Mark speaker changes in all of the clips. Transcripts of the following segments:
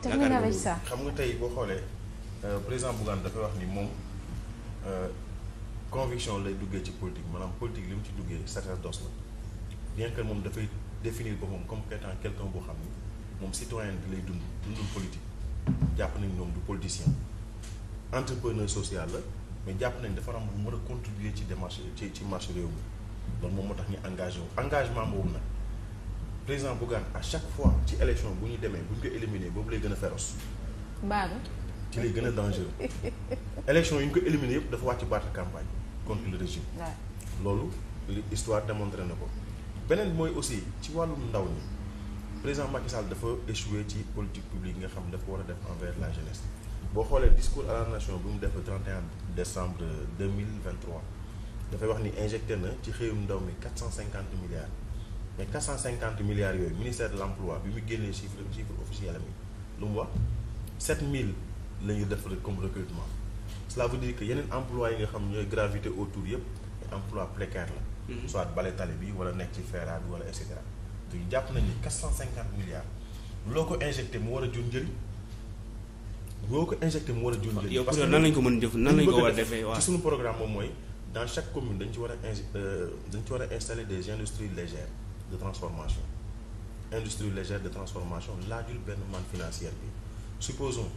Speaker 1: termine avec ça xam nga tey boo xoolee euh, président Bougane dafay wax ni moom euh, conviction lay duggee ci politique maanaam politique li mu ci duggee satas dos la bien que moom dafay définir boppam comme étant quelqu'un boo xam ni moom citoyen bi lay dund dundul politique jàpp nañu ñoom du politicien entrepreneur social la mais jàpp nañ dafa am lu mën ci démarche ci ci marché réew mi moom moo tax ñu engagé wu engagement boobu na président Bougane a chaque fois ci élection bu ñu demee bu ñu ko éliminer boobu lay gën a féroce. baalu. ci lay gën a dangereux. élection yi ñu ko éliminer yëpp dafa wàcc battre campagne contre le régime. loolu li histoire démontré na ko. beneen mooy aussi ci wàllum ndaw ñi président Macky Sall dafa échoué ci politique publique yi nga xam dafa war a def envers la jeunesse boo xoolee discours à la nation bi mu def le 31 décembre 2023 dafay wax ni injecté na ci xëyum ndaw mi 450 milliards. mais 450 milliards yooyu ministère de l' emploi bi mu génnee chiffre chiffre officiel am lu mu wax 7000 la ñu def comme recrutement cela veut dire que yeneen emploi yi nga xam ñooy gravité autour yëpp ay emploi précaire la. Mhm. soit bale tali bi wala nekk ci feeraa bi wala jàpp nañu ne 450 milliards loo ko injecté mu war a jur njëriñ loo ko injecté mu war a jur njëriñ. parce que nan lañ ko mën a def nan lañ ko war a defee waaw ci suñu programme moom mooy dans chaque commune dañ de transformation industrie légère de transformation laajul benn man financière bi supposons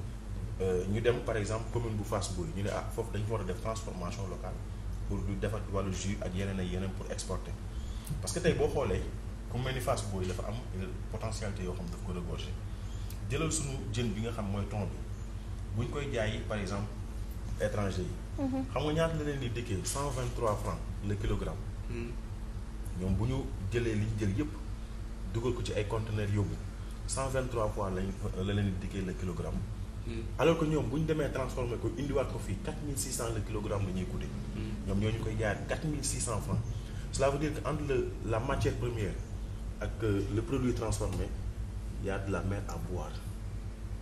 Speaker 1: euh, ñu dem par exemple commune bu Fass Boye ñu ne ah foofu dañu fa war a def transformation locale pour lu defar wàllu jus ak yeneen ak yeneen pour exporter parce que tey boo xoolee ku mel ni Fass Boye dafa am potentialité yoo xam daf ko regorger jëlal suñu jën bi nga xam mooy thon bi bu ñu koy jaayi par exemple étranger yi. Mm-hmm. xam nga ñaata la leen di dikkee cent vingt trois francs le kilogramme. Mm. ñoom bu ñu jëlee li jël yëpp dugal ko ci ay conteneurs yóbbu cent vingt trois fois lañ la leen dikkee le kilogramme. Hmm. alors que ñoom bu ñu demee transformé ko indiwaat ko fii quatre mille six cent le kilogramme la ñuy coûté. Hmm. ñoom ñoo ñu koy jaay quatre mille six cent francs cela veut dire que entre la matière première ak euh, le produit transformé y la mer à boire.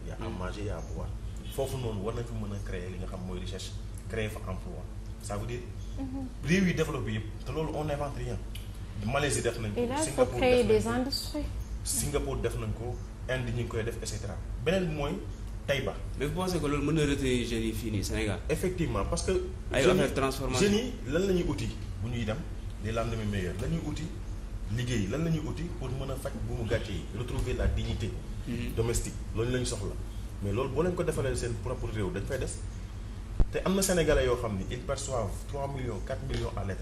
Speaker 1: y a à hmm. manger y a à boire foofu noonu war na fi mën a créer li nga xam mooy recherche créer fa emploi ça mm-hmm. te loolu on n'invente Malaisie def nañ ko. Singapour def nañ ko et là def nañ ko Inde ñu ngi koy def et cetera beneen bi mooy ba mais vous pensez que loolu mën na retenir jeunes fii nii Sénégal. effectivement parce que. ay affaire transformation lan la ñuy uti bu ñuy dem les lendemains meilleurs la ñuy uti liggéey lan la ñuy uti pour mën a faj bu mu gàcce yi retrouver la dignité. Mhm. domestique loolu la ñu soxla mais loolu boo leen ko defalee seen propre réew dañ fay des te am na sénégalais yoo xam ni ils perçoivent 3 millions 4 millions à l'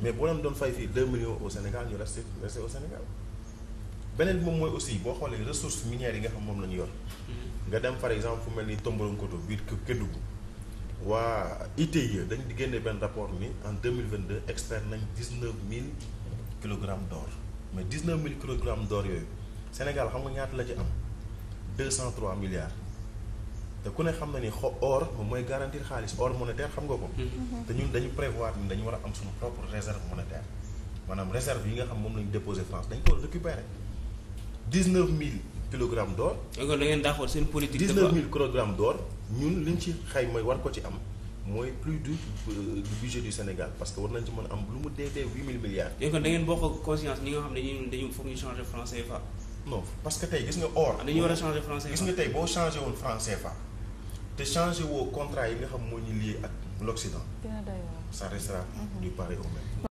Speaker 1: mais boo leen doon fay fii 2 millions au Sénégal ñu resté resté au Sénégal beneen bi moom mooy aussi boo xoolee ressources minières yi nga xam moom la ñu yor. nga dem par exemple fu mel ni Tomboronkoto biir Kédougou waa ITIE dañ di génne benn rapport ni en mille 2022 expert nañ 19000 kilogrammes d'or mais mille kilogramme d'or yooyu Sénégal xam nga ñaata la ci am deux 203 milliards. te ku ne xam na ni xo or moom mooy garantir xaalis or monétaire xam nga ko. Mm-hmm. te ñun dañu prévoir ni dañu war a am suñu propre réserve monétaire maanaam réserve yi nga xam moom la ñu déposé France dañ ko récupérer dix neuf mille kilogrammes d'or. da ngeen d'accord seen politique. dix neuf mille kilogrammes d'or ñun liñ ci ko ci am mooy plus du euh, du budget du Sénégal war nañ ci mën a am lu mu mille milliards. léegi ñi nga xam ne ñun dañu foog ñu changer franc CFA. nga or. Ah, dañu war a changer franc CFA gis nga tey boo changé te changé woo contrat yi nga xam moo ñu lié ak l'Occident ça restera mhm. du pareil au